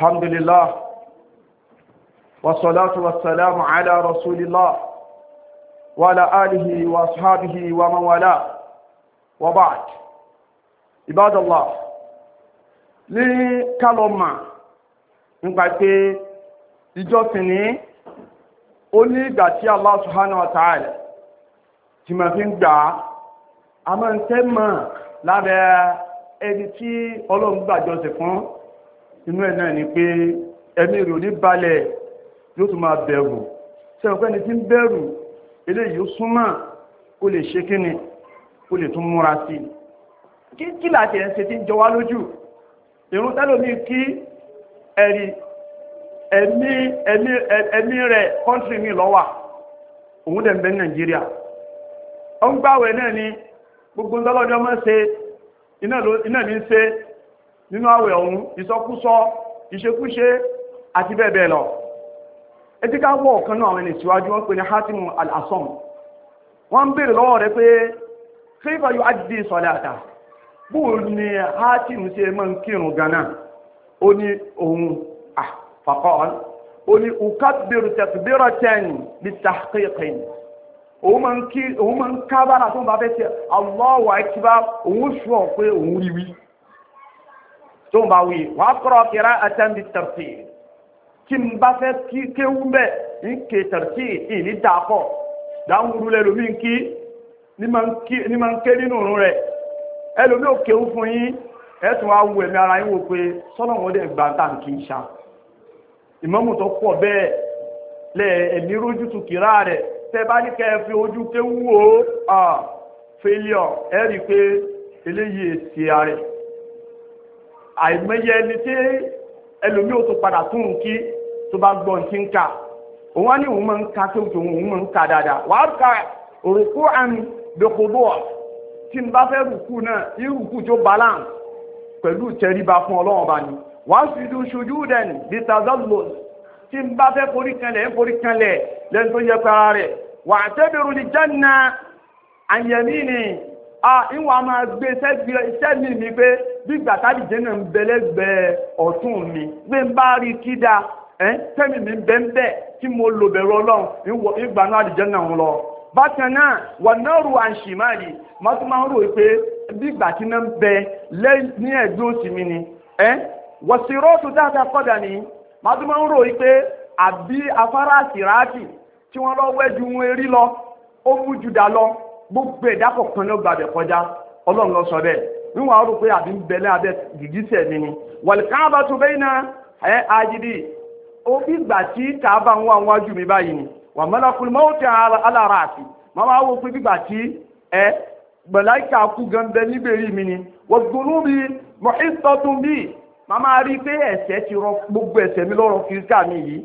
الحمد لله والصلاة والسلام على رسول الله وعلى آله وأصحابه ومن والاه وبعد عباد الله ní kálọ́mà nípa pé ìjọsìn ní ó ní ìgbà tí Allah subhanahu wa ta'ala tí ma fi ń gbà á máa ń tẹ́ mọ̀ lábẹ́ ẹni tí Ọlọ́run gbàjọsìn fún inú ẹ̀ náà ni pé ẹ̀mí rò ní balẹ̀ yóò tún máa bẹ̀rù sẹ́wọ̀pẹ́ ni tí ń bẹ̀rù eléyìí ó súnmọ́ kó lè ṣe kí ni kó lè tún múra sí i kí láti ẹ̀ ń ṣe tí ń jọ wá lójú ìrún tẹ́lómi kí ẹ̀rí ẹ̀mí rẹ̀ kọ́ńtírì mi lọ́wà òun dẹ̀ ń bẹ nàìjíríà ó ń gbàwẹ̀ náà ni gbogbo ńlọ́lọ́dọ́ mọ́ ṣe iná ní ń ṣe nínú àwẹ̀ ọ̀hún ìsọkúsọ ìṣekúṣe àti bẹ́ẹ̀ bẹ́ẹ̀ lọ ẹtí ká wọ́ ọ̀kan náà àwọn ẹni síwájú wọ́n pè ní hatimu al-asom wọ́n ń bèèrè lọ́wọ́ rẹ̀ pé kírífà yóò ájídé sọ̀lẹ̀ àtà bóòlù ni hatimu ṣe mọ́ ń kírun gánà ó ní ohun àfàkọ́ọ̀lù oni ukabiru takbiratan litahqiqin òun máa ń kábàrà tó ń bá fẹ́ ṣe Allahu akbar òun ṣùọ́ pé òun rí wí tó ń bá wí wà á kọ́rọ̀ kẹ́ra àtẹ́ǹdì tẹ̀rẹ̀tì kí n bá fẹ́ kí kéwú bẹ́ ń ké tẹ̀rẹ̀tì ìní dàpọ̀ dáhùn lẹ́lòmí ń kí ní máa ń ké nínú òun rẹ̀ ẹlòmí ò kéwú fún yín ẹ̀tùn awu ẹ̀mí ara yín wò pé sọ́nà wọn dẹ̀ gbà kì í ṣá ìmọ̀mù tó pọ̀ bẹ́ẹ̀ lẹ̀ ẹ̀mí rójú tu kìrá rẹ̀ tẹ́ bá ní kẹ́ fi ojú kéwú wo fẹ́líọ̀ ẹ̀rí pé eléyìí èsì àìmọye ẹni tí ẹlòmí ò tó padà tún un kí tó bá gbọ́ ní ti ń ka òun á ní òun máa ń ka tó tòun òun máa ń ka dáadáa wàá ka òrùkú àmì dòkòbò tí n bá fẹ́ rùkú náà irùkú tó balance pẹ̀lú tẹríba fún ọlọ́run bá ní wàá fi dùn ṣojú dẹ̀ni bí tazọ́lù tí n bá fẹ́ forí kanlẹ̀ ń forí kanlẹ̀ lẹ́nu tó yẹ para rẹ̀ wàá tẹ́bẹ̀rù ní jẹ́ ni a ìwọ̀n a máa gbé iṣẹ́ mi ni pé gbígbà tábì jẹ́nà ń bẹ lẹ́gbẹ̀ẹ́ ọ̀tún mi gbé ń bá rí kí da tẹ́mi mi ń bẹ́ ń bẹ́ tí mo lò bẹ̀rù ọlọ́run ìgbà náà àdìjẹ́ náà ń lọ. bákan náà wọ́n náà rò àǹṣì máa rí màá tún máa ń rò pé gbígbà tí náà ń bẹ ní ẹ̀gbẹ́ òsì mi ni. wọ́n sì rọ́ọ̀tù dáadáa kọ́dà ni màá tún máa ń rò pé àbí afárá àsìráàtì tí wọ́n lọ wẹ́jú wọn gbogbo ẹ̀dá kọ̀ọ̀kan ló gbàgbẹ́ kọjá ọlọ́run lọ sọ bẹ́ẹ̀ níwọ̀n àwọn olùpẹ́ àbí ń bẹ̀lẹ́ abẹ́ gìgísẹ̀ mi ni wàlìkàbà tó bẹ́yìn náà ẹ àjìdí ó bí gbà tí kàábà ń wá wájú mi báyìí ni wà mọ́lákùnrin mọ́ ó ti alára àti mọ́ máa wò pé gbígbà tí ẹ gbọ̀láìkà kú gan bẹ níbèrè mi ni wọ́n gbóná bí mọ̀ ìtọ́tún bí màmá rí pé ẹ̀ṣẹ̀ ti rọ gbogbo ẹ̀ṣẹ̀ mi lọ́rọ̀ kìrìkà mi yìí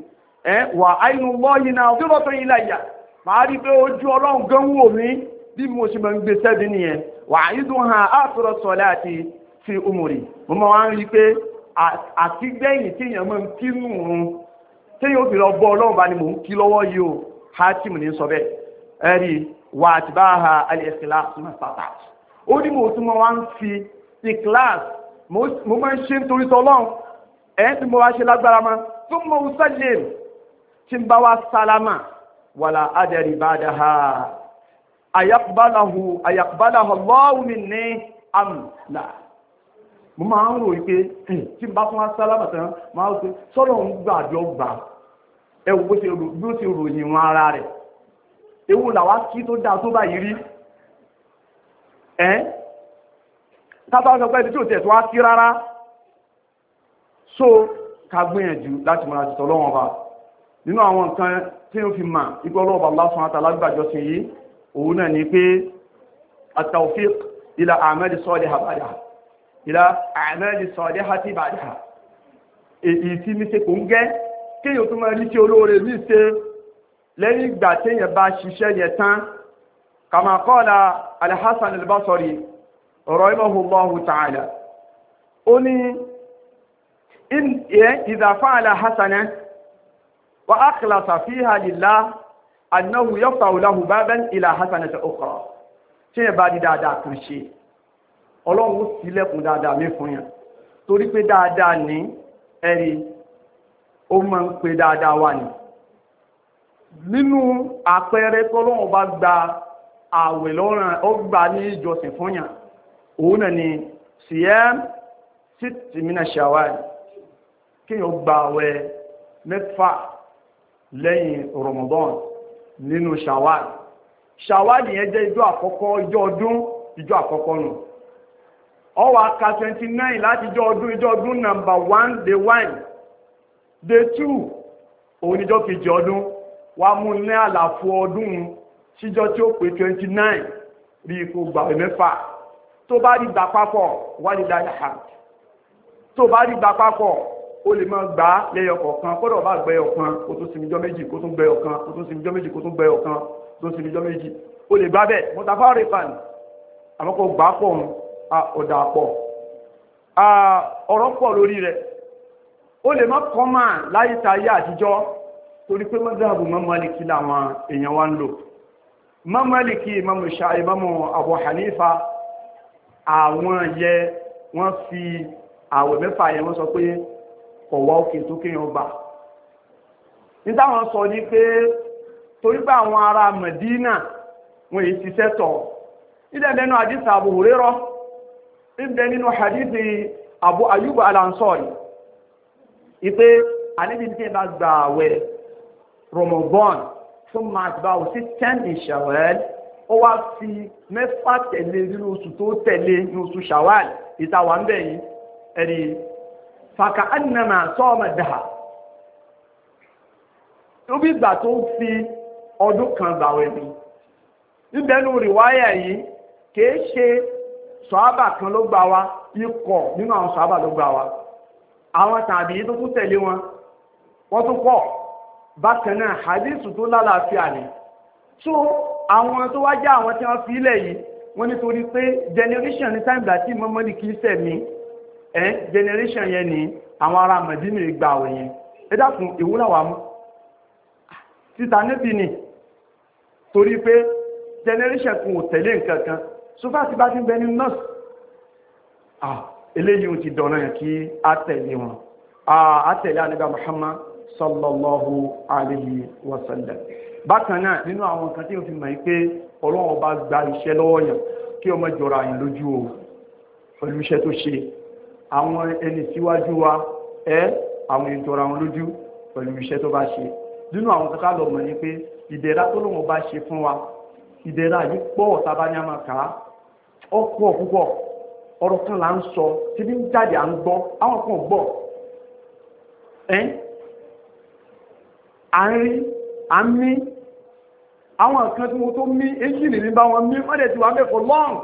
ẹ wà áyínú lọ́yìn náà ọdún lọ́tọ̀ yìí láyà màá rí pé ojú ọlọ́run gan wò mí bí mo ṣe máa ń gbé sẹ́bi nìyẹn wà á yídùn hàn áàtúrọ̀ sọ̀lá àti ti umuri mo máa ń rí i pé àkígbẹ̀yìn téèyàn máa ń kí nù un téèyàn ò fi lọ bọ́ ọlọ́run bá ni mò ń kí lọ́wọ́ yìí o hatim ní sọ bẹ́ẹ̀ ẹ rí wà á ti bá ha alẹ́sìlá mọ́tàtà ó ní mo tún máa ń fi ikilas mo máa ń ṣe nítorí tọ́lọ́run ẹ̀ ń tí mo wá ṣe lágbára mọ́ tó mọ̀ ọ́ sálẹ̀ tí ń bá wa sálámà wàlà ádẹ́rì bá dáhà ayakbalahu ayakbalahu Allahu minni am la mo máa ń rò wípé tí n bá fún wa sálámà tán máa ń pè sọ́dọ̀ ń gbàjọ gbà ẹ wo bó ṣe rò bí ó ṣe ròyìn wọn ara rẹ̀ ewu làwa kí tó dáa tó báyìí rí ẹ tábà sọ pé ibi tí ò tẹ̀ tó wá sí rárá so ká gbìyànjú láti mọ̀ra ti tọ́lọ́wọ́n bá nínú àwọn nǹkan tí ó fi mà ipò ọlọ́ọ̀bà lásán àtàlágbàjọsìn yìí òun náà ni pé àtàwọ̀fík ilá àmẹ́lì sọ́ọ̀dẹ̀ àbádà ilá àmẹ́lì sọ́ọ̀dẹ̀ àti ìbádà èyí tí mi ṣe kò ń gẹ́ kéèyàn tó máa rí tí olóore mi ṣe lẹ́yìn ìgbà téèyàn bá ṣiṣẹ́ yẹn tán kama qala alhassan albasori rahimahullahu ta'ala ó ní ìdàfà alhassanẹ́ wa akhlasa fiha lillah annahu yaftahu lahu baban ila hasanati ukhra tí ẹ bá di dáadáa tó ṣe ọlọ́run sílẹ̀kùn dáadáa mi fún yàn torí pé dáadáa ní ẹ̀rí ó máa ń pe dáadáa wà ní nínú àpẹẹrẹ tọ́lọ́run bá gba àwẹ̀ lọ́rùn ó gbà ní ìjọsìn fún yàn òun náà ni siyam sitti mina shawal kéèyàn gba àwẹ̀ mẹ́fà lẹ́yìn Ramadan nínú ṣàwáàlì ṣàwáàlì yẹn jẹ́ ijọ́ àkọ́kọ́ ijọ́ ọdún ijọ́ àkọ́kọ́ nù ó wá ka twenty nine láti ijọ́ ọdún ijọ́ ọdún number one day one day two òun níjọ́ kejì ọdún wá mú ní àlàfo ọdún síjọ́ tí ó pé twenty nine bí ipò gbàwé mẹ́fà tó bá rí gbà papọ̀ wá lè dá yàrá tó bá rí gbà papọ̀ ó lè máa gbà á lẹ́yọ kọ̀ọ̀kan kódà bá gbẹ ọ̀kan kó tó sinmi jọ méjì kó tó gbẹ ọ̀kan kó tó sinmi jọ méjì kó tó gbẹ ọ̀kan tó sinmi jọ méjì ó lè gbà bẹ́ẹ̀ mọ́tàfà rẹ̀ fàn àmọ́ kó gbà á pọ̀ ọ̀dà pọ̀ ọ̀rọ̀ pọ̀ lórí rẹ̀ ó lè má kọ́ máa láyé tayé àtijọ́ torí pé mọ́dàbù mọ́mọ́lìkì làwọn èèyàn wa ń lò mọ́mọ́lìkì mọ́mọ́ ṣáà mọ́mọ́ Abu Hanifa àwọn yẹ wọ́n fi àwẹ̀ mẹ́fà yẹn wọ́n sọ pé ọ̀wá òkè tó kéèyàn gbà nítawọ̀n sọ ní pé torí pé àwọn ará Mẹ̀dínà wọn èyí ṣiṣẹ́ tọ̀ nídẹ̀ẹ́dẹ́nu àdìsí Abu Hurairah níbẹ̀ nínú àdìsí Abu Ayyub Al-Ansari ìpé àníbìtì bá gba àwẹ̀ Ramadan fún màtìbá òsì ten in Shawwal ó wá fi mẹ́fà tẹ̀lé nínú oṣù tó tẹ̀lé nínú oṣù Shawwal ìtawà ń bẹ̀ yìí ẹni fàkàánàmà sọ́ọ̀mà dà ó bí ìgbà tó ń fi ọdún kan gbàwẹ̀ mi níbẹ̀nu rìwáyà yìí kìí ṣe sọ́ábà kan ló gbà wá ikọ̀ nínú àwọn sọ́ábà ló gbà wá àwọn tàbí tó kún tẹ̀lé wọn wọ́n tún pọ̀ bákan to hadith La lálàáfíà ni So àwọn tó wá jẹ́ àwọn tí wọ́n fi ilẹ̀ yìí wọ́n nítorí pé generation ní táìmù àti mọ́mọ́lì kìí sẹ̀mí ẹ generation yẹn ni àwọn ará mẹ̀dínì gba àwẹ̀ yẹn ẹ dákun ìwúlà wà mú títa níbi ni torí pé generation kò tẹ̀lé nǹkan kan sọfá ti bá ti bẹ ní nọ́ọ̀sì ah eléyìí ò ti dọ̀nà yẹn kí á tẹ̀lé wọn ah á tẹ̀lé àníbà Muhammad sallallahu alayhi wa sallam bákan náà nínú àwọn nǹkan tí ó fi mọ̀ yí pé ọlọ́run bá gba iṣẹ́ lọ́wọ́ yàn kí ọmọ jọra yàn lójú o pẹ̀lú iṣẹ́ tó ṣe àwọn ẹni síwájú wa ẹ àwọn ètò ara wọn lójú pẹ̀lú iṣẹ́ tó bá ṣe nínú àwọn kankan lọ mọ̀ ní pé ìdẹ̀ra tó lóun bá ṣe fún wa ìdẹ̀ra yìí pọ̀ tábà ní àmà ká ọ̀pọ̀ púpọ̀ ọ̀rọ̀ kan là ń sọ tí bí ń jáde à ń gbọ́ àwọn kan gbọ́ ẹ́ à ń rí à ń mí àwọn kan tí mo tó mí èjì nìyí bá wọn mí wọ́n dẹ̀ ti wà mẹ́fọ̀ lọ́rùn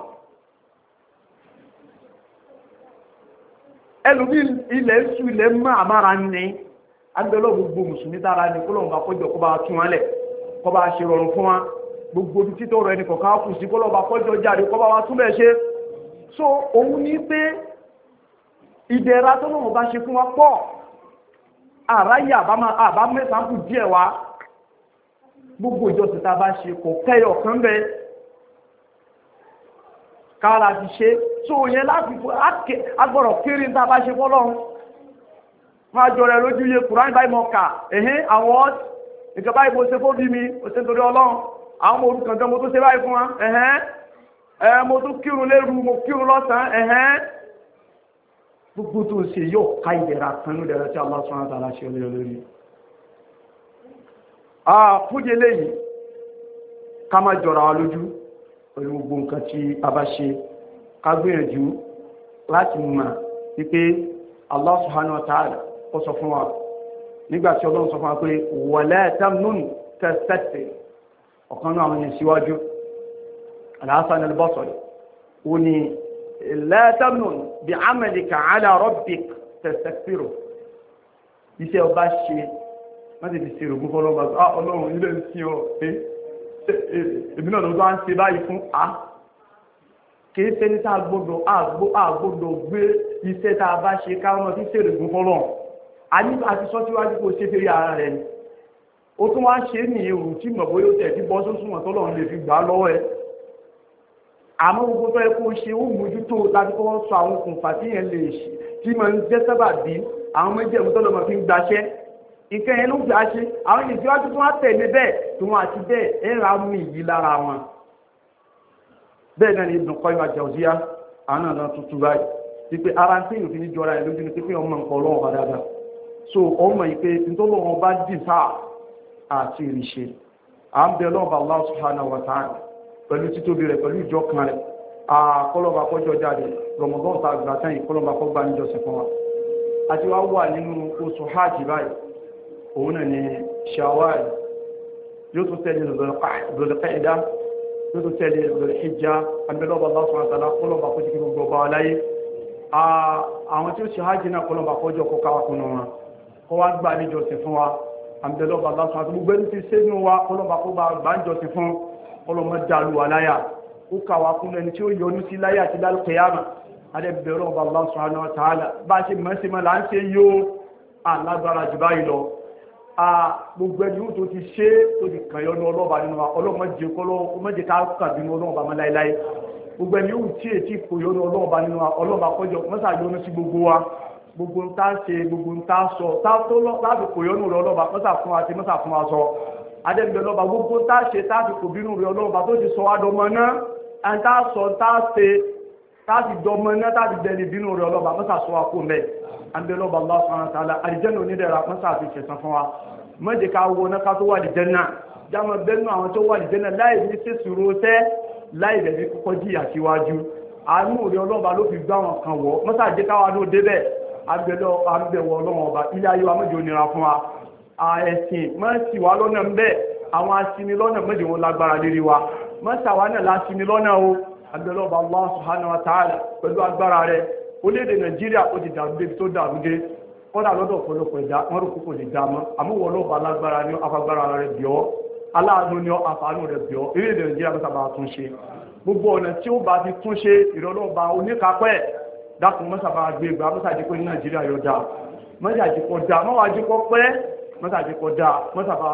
ẹlòmí ilẹ̀ su ilẹ̀ mọ́ àmàrà ní agbẹ́lọ́ gbogbo mùsùlùmí dára ní kọ́lọ́mù akọ́jọ kó bá tún wọn lẹ̀ kó bá ṣe rọrùn fún wa gbogbo ibi títọ́ rẹ̀ nìkan ká kù sí kọ́lọ́mù akọ́jọ jáde kó bá wa tún bẹ́ẹ̀ ṣe so òun ní pé ìdẹ̀ra tó lóun bá ṣe fún wa pọ̀ àráyè àbámẹ́sàn-án kù díẹ̀ wa gbogbo ìjọsìn tá bá ṣe kò kẹ́yọ̀ kan bẹ́ẹ̀ kára ti ṣe tó yẹn láti fún agbọ̀rọ̀ kéré ń tàbá ṣe fọ́lọ́run máa jọ rẹ̀ lójú iye kùránì báyìí mọ̀ kà ẹ̀hìn àwọn ọ́ọ̀tì nǹkan báyìí mo ṣe fó bí mi mo ṣe torí ọlọ́run àwọn ọmọ orúkọ nǹkan mo tó ṣe báyìí fún wa ẹ̀hìn ẹ̀ mo tún kírun lérú mo kírun lọ́sàn-án ẹ̀hìn gbogbo tó ṣe yóò ká ìdẹ̀ra kanú dẹ̀ra tí Allah Subhanahu wa ta'ala ṣe ah àfújẹ lẹ́yìn ká má jọra wa lójú pẹ̀lú gbogbo nǹkan tí a bá ṣe ká gbìyànjú láti mọ̀ wípé Allah subhanahu wa ta'ala ó sọ fún wa nígbà tí ọlọ́run sọ fún wa pé wala tamnun tastakthir ọ̀kan náà àwọn ènìyàn síwájú Al-Hasan al-Basri ó ní la tamnun bi'amalika ala rabbika iṣẹ́ ọba ṣe má ti fi ṣe ìrògùn fọlọ́ba èmi náà ló bá ń ṣe báyìí fún a kìí ṣe ní tá gbọ́dọ̀ àgbọ́dọ̀ gbé iṣẹ́ tá a bá ṣe káwọn tí ṣèrègùn fọ́lọ̀ àti sọ síwájú kó ṣe fèrè ara rẹ̀ ni ó tún wá ṣe ní ìrù tí mọ̀ bóyá ó tẹ̀ tí bọ́ sósùn ọ̀tọ́lọ̀ lè fi gbà lọ́wọ́ ẹ àmọ́ gbogbo tó yẹ kó ṣe ó mójútó láti kọ́ sọ àwọn okùnfà tí yẹn lè ṣe tí mọ̀ ń jẹ́ sábàbí àwọn méjèèmú tọ́lọ́mọ fi ń gbaṣẹ́ nǹkan yẹn ló gbà ṣe àwọn ènìyàn tí wọ́n ti tún wá tẹ̀lé bẹ́ẹ̀ tí wọ́n àti bẹ́ẹ̀ ẹ̀ ra mú ìyí lára wọn. bẹ́ẹ̀ náà ni Ibn Qayyim al-Jawziyya àwọn náà tuntun báyìí wípé ara ń tẹ̀yìn òfin jọra ẹ̀ lójú ni pé ọmọ nǹkan ọlọ́run padà dà so ọmọ yìí pé nítorí wọn bá dì sáà àti ìrìṣe à ń bẹ ọlọ́run bá Allah subhanahu wa ta'ala pẹ̀lú títóbi rẹ̀ pẹ̀lú ìjọ kan rẹ̀ àkọlọ́ba kọjọ jáde Ramadan ta gbàtàn kọgbà níjọsìn fún wa àti wá wà nínú oṣù hajj báyìí òun náà ni shawwal yóò tún tẹ̀lé zolqaida yóò tún tẹ̀lé zolhijja abẹ́lọ́bà bá sọ àtàlá kọlọ́bà kó ti kí gbogbo ọba aláyé àwọn tí ó ṣe hajj náà kọlọ́bà kọjọ kó káwà kúnnú wọn kó wá gbà ní jọsìn fún wa abẹ́lọ́bà bá sọ àtàlá gbogbo ẹni tí sẹ́nu wa kọlọ́bà kó bá gbà ń gbogbo ẹni tó ti ṣe tó ti kànyọ́ ní ọlọ́ba nínú wa ọlọ́mọ jẹ kọ́lọ́ ọmọdé ká kàbí ní ọlọ́ba mọ́ láéláé gbogbo ẹni yóò tí èyí kò yọ́ ní ọlọ́ba nínú wa ọlọ́ba kọjọ mọ́sá yọ́nú sí gbogbo wa gbogbo ń tá ṣe gbogbo ń tá sọ láti kò yọ́nú rẹ ọlọ́ba mọ́sá fún wa ti mọ́sá fún wa sọ adẹ́gbẹ̀ẹ́ ọlọ́ba gbogbo ń tá ṣe táàfi kò bínú rẹ ọlọ́ba tó ti sọ adọmọ náà ń tá sọ ń ṣe táàtì dọmọ iná táàtì dẹni bínú rẹ̀ ọlọ́ba mọ́sà sọ wa kó mẹ́ àbẹ̀lọ́ba Allah subhanahu wa ta'ala àdìjẹ́nà onídẹ̀ra mọ́sà àti ìṣẹ̀sán fún wa mọ́jẹ ká wọ náà ká tó wà àdìjẹ́nà jámọ́ bẹ́nu àwọn tó wà àdìjẹ́nà láì ní sísúró tẹ́ láì rẹ̀ fi kọ́kọ́ jìyà síwájú àánú rẹ̀ ọlọ́ba ló fi gbá wọn kan wọ̀ mọ́sà jẹ́ káwa ló débẹ̀ àbẹ̀wọ̀ ọlọ́wọ̀n ọba ilé ayé wa mọ́jẹ onira lọ́nà o abẹ́lọ́ba Allah subhanahu wa ta'ala pẹ̀lú agbára rẹ̀ orílẹ̀-èdè Nàìjíríà ó ti dàrú débi tó dàrú dé kọ́dà lọ́dọ̀ ọ̀pọ̀lọpọ̀ ẹ̀dá wọn rúkú kò lè dá mọ́ àmúwọ̀ ọlọ́ba alágbára ni afagbára rẹ̀ bíọ́ aláàánú ni àfààní rẹ̀ bíọ́ orílẹ̀-èdè Nàìjíríà mẹ́ta bá tún ṣe gbogbo ọ̀nà tí ó bá ti tún ṣe ìrọlọ́ba oníkápẹ́ dákun mọ́sàbá gbé ìgbà mọ́sàdínkù ní Nàìjíríà yọ dáa mọ́sàdínkù dáa mọ́wàá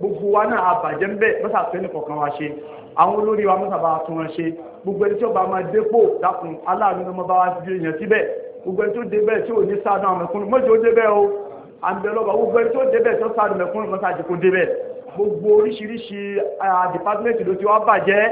gbogbo wa náà àbàjẹ́ ń bẹ̀ mọ́sà tó ní kọ̀ọ̀kan wa ṣe àwọn olórí wa mọ́sà bá tún wọn ṣe gbogbo ẹni tí ó bá máa dépò dákun aláàánú ni wọ́n bá wá ju èèyàn síbẹ̀ gbogbo ẹni tó débẹ̀ tí ò ní sáàdù àwọn mẹ̀kúnnù mọ́jọ́ débẹ̀ o àǹdẹ̀lọ́gbà gbogbo ẹni tó débẹ̀ tó sáàdù mẹ̀kúnnù mọ́sà àdìkò débẹ̀ gbogbo oríṣiríṣi dìpátímẹ́ǹtì ló ti wá bàjẹ́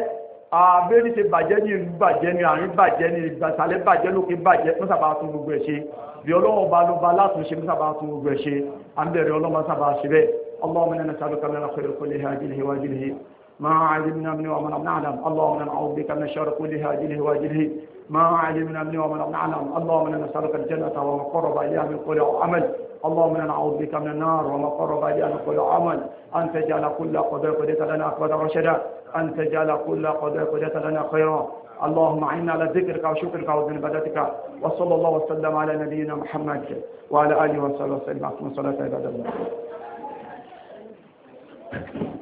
àbẹ́rí ti bàjẹ́ ní ìlú bàjẹ́ ní àárín bàjẹ́ ní ìgbàsálẹ̀ bàjẹ́ lókè bàjẹ́ mọ́sàbà tún gbogbo ẹ̀ ṣe bí ọlọ́wọ́ bá ló bá látúnṣe mọ́sàbà tún gbogbo ẹ̀ ṣe àbẹ̀rẹ̀ ọlọ́mọ sábà ṣe bẹ́ẹ̀ اللهم إنا نسألك لنا خير كله آجله وآجله ما علمنا منه وما لم نعلم اللهم انا نعوذ بك من شر كله آجله وآجله ما علمنا منه وما لم نعلم اللهم إنا نسألك الجنة وما قرب إليها من قول وعمل اللهم انا نعوذ بك من النار وما قرب اليها من قول عمل ان تجعل كل قضاء قضيت لنا اكبر رشدا ان تجعل كل قضاء قضيت لنا خيرا اللهم اعنا على ذكرك وشكرك وحسن عبادتك وصلى الله وسلم على نبينا محمد وعلى اله وصحبه وسلم صلاه عباد الله Thank you.